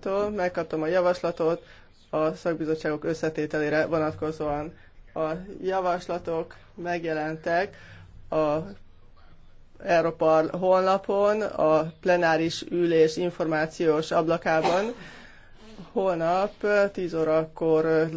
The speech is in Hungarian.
tól megkaptam a javaslatot a szakbizottságok összetételére vonatkozóan. A javaslatok megjelentek a Európar honlapon, a plenáris ülés információs ablakában. Holnap 10 órakor